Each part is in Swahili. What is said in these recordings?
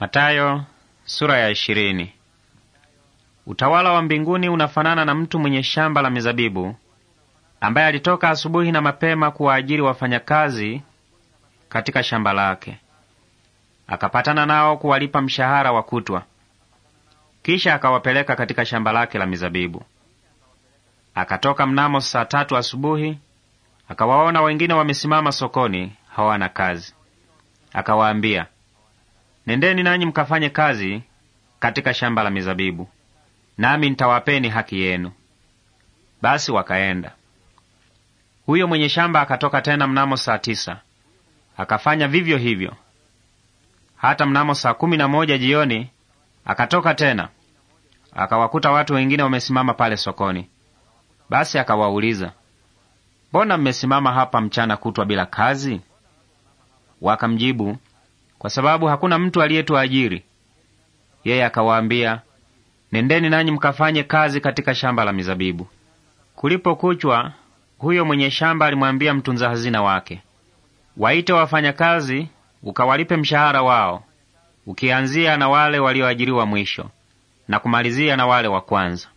Matayo, sura ya ishirini. Utawala wa mbinguni unafanana na mtu mwenye shamba la mizabibu ambaye alitoka asubuhi na mapema kuwaajiri wafanyakazi katika shamba lake, akapatana nao kuwalipa mshahara wa kutwa, kisha akawapeleka katika shamba lake la mizabibu. Akatoka mnamo saa tatu asubuhi, akawaona wengine wamesimama sokoni hawana kazi, akawaambia Nendeni nanyi mkafanye kazi katika shamba la mizabibu, nami nitawapeni haki yenu. Basi wakaenda. Huyo mwenye shamba akatoka tena mnamo saa tisa akafanya vivyo hivyo. Hata mnamo saa kumi na moja jioni akatoka tena akawakuta watu wengine wamesimama pale sokoni. Basi akawauliza, mbona mmesimama hapa mchana kutwa bila kazi? Wakamjibu, kwa sababu hakuna mtu aliyetuajiri. Yeye akawaambia, nendeni nanyi mkafanye kazi katika shamba la mizabibu. kulipo kuchwa huyo mwenye shamba alimwambia mtunza hazina wake, waite wafanyakazi ukawalipe mshahara wao, ukianzia na wale walioajiriwa mwisho na kumalizia na wale wa kwanza.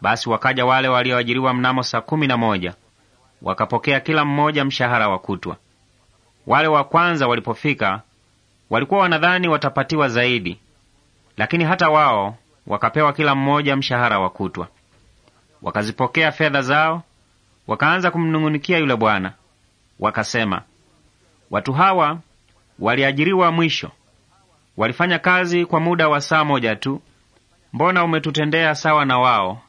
Basi wakaja wale walioajiriwa mnamo saa kumi na moja wakapokea kila mmoja mshahara wa kutwa. Wale wa kwanza walipofika Walikuwa wanadhani watapatiwa zaidi, lakini hata wao wakapewa kila mmoja mshahara wa kutwa. Wakazipokea fedha zao, wakaanza kumnung'unikia yule bwana, wakasema, watu hawa waliajiriwa mwisho, walifanya kazi kwa muda wa saa moja tu. Mbona umetutendea sawa na wao,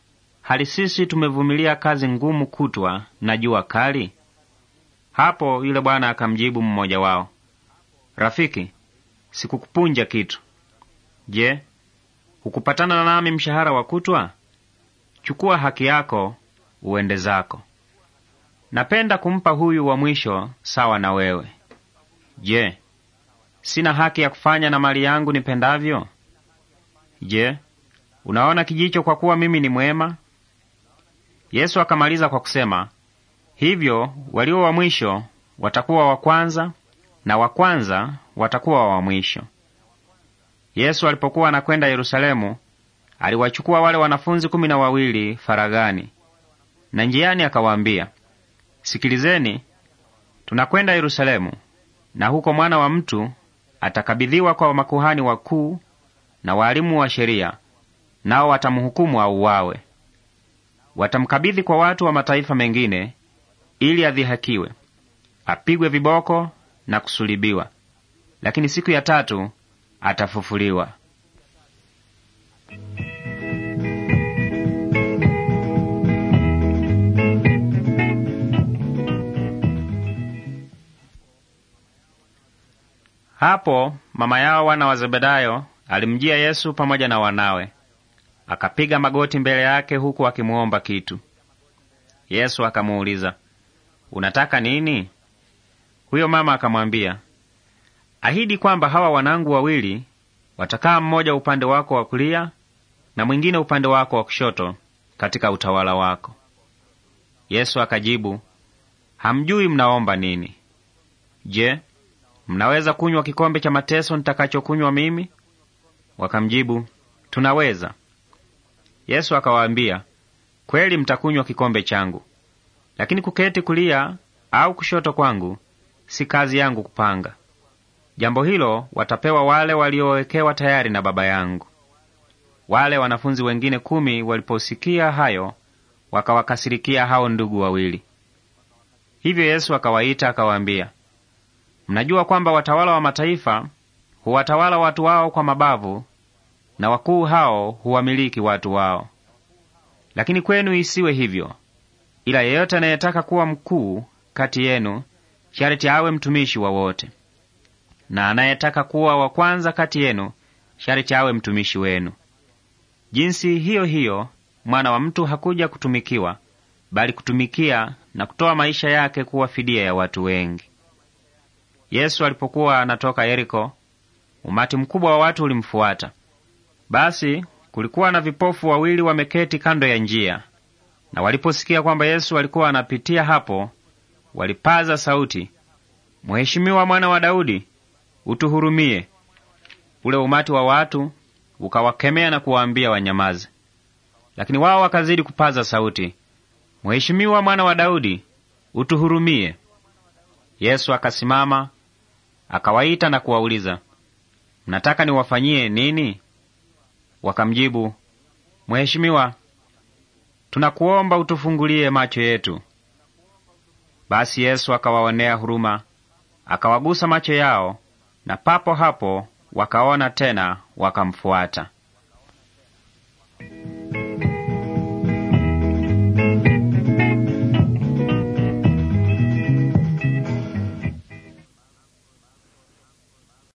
hali sisi tumevumilia kazi ngumu kutwa na jua kali? Hapo yule bwana akamjibu mmoja wao, Rafiki, sikukupunja kitu. Je, hukupatana nami mshahara wa kutwa? Chukua haki yako uende zako. Napenda kumpa huyu wa mwisho sawa na wewe. Je, sina haki ya kufanya na mali yangu nipendavyo? Je, unaona kijicho kwa kuwa mimi ni mwema? Yesu akamaliza kwa kusema, hivyo walio wa mwisho watakuwa wa kwanza na wa kwanza watakuwa wa mwisho. Yesu alipokuwa anakwenda Yerusalemu, aliwachukua wale wanafunzi kumi na wawili faragani, na njiani akawaambia, Sikilizeni, tunakwenda Yerusalemu, na huko mwana wa mtu atakabidhiwa kwa makuhani wakuu na waalimu wa sheria, nao watamhukumu auwawe Watamkabidhi kwa watu wa mataifa mengine ili adhihakiwe, apigwe viboko na kusulibiwa lakini siku ya tatu atafufuliwa. Hapo mama yao wana wa Zebedayo alimjia Yesu pamoja na wanawe, akapiga magoti mbele yake huku akimuomba kitu. Yesu akamuuliza, unataka nini? Huyo mama akamwambia, ahidi kwamba hawa wanangu wawili watakaa mmoja upande wako wa kulia na mwingine upande wako wa kushoto katika utawala wako. Yesu akajibu, hamjui mnaomba nini. Je, mnaweza kunywa kikombe cha mateso nitakachokunywa mimi? Wakamjibu, tunaweza. Yesu akawaambia, kweli mtakunywa kikombe changu, lakini kuketi kulia au kushoto kwangu si kazi yangu kupanga, Jambo hilo watapewa wale waliowekewa tayari na Baba yangu. Wale wanafunzi wengine kumi waliposikia hayo, wakawakasirikia hao ndugu wawili. Hivyo Yesu akawaita akawaambia, mnajua kwamba watawala wa mataifa huwatawala watu wao kwa mabavu, na wakuu hao huwamiliki watu wao. Lakini kwenu isiwe hivyo, ila yeyote anayetaka kuwa mkuu kati yenu sharti awe mtumishi wa wote na anayetaka kuwa wa kwanza kati yenu sharti awe mtumishi wenu. Jinsi hiyo hiyo mwana wa mtu hakuja kutumikiwa, bali kutumikia na kutoa maisha yake kuwa fidia ya watu wengi. Yesu alipokuwa anatoka Yeriko, umati mkubwa wa watu ulimfuata. Basi kulikuwa na vipofu wawili wameketi kando ya njia, na waliposikia kwamba Yesu alikuwa anapitia hapo, walipaza sauti, Mheshimiwa, mwana wa Daudi, utuhurumie. Ule umati wa watu ukawakemea na kuwaambia wanyamaze, lakini wao wakazidi kupaza sauti, Mheshimiwa mwana wa Daudi, utuhurumie. Yesu akasimama akawaita na kuwauliza, mnataka niwafanyie nini? Wakamjibu, Mheshimiwa, tunakuomba utufungulie macho yetu. Basi Yesu akawaonea huruma, akawagusa macho yao, na papo hapo wakaona tena wakamfuata.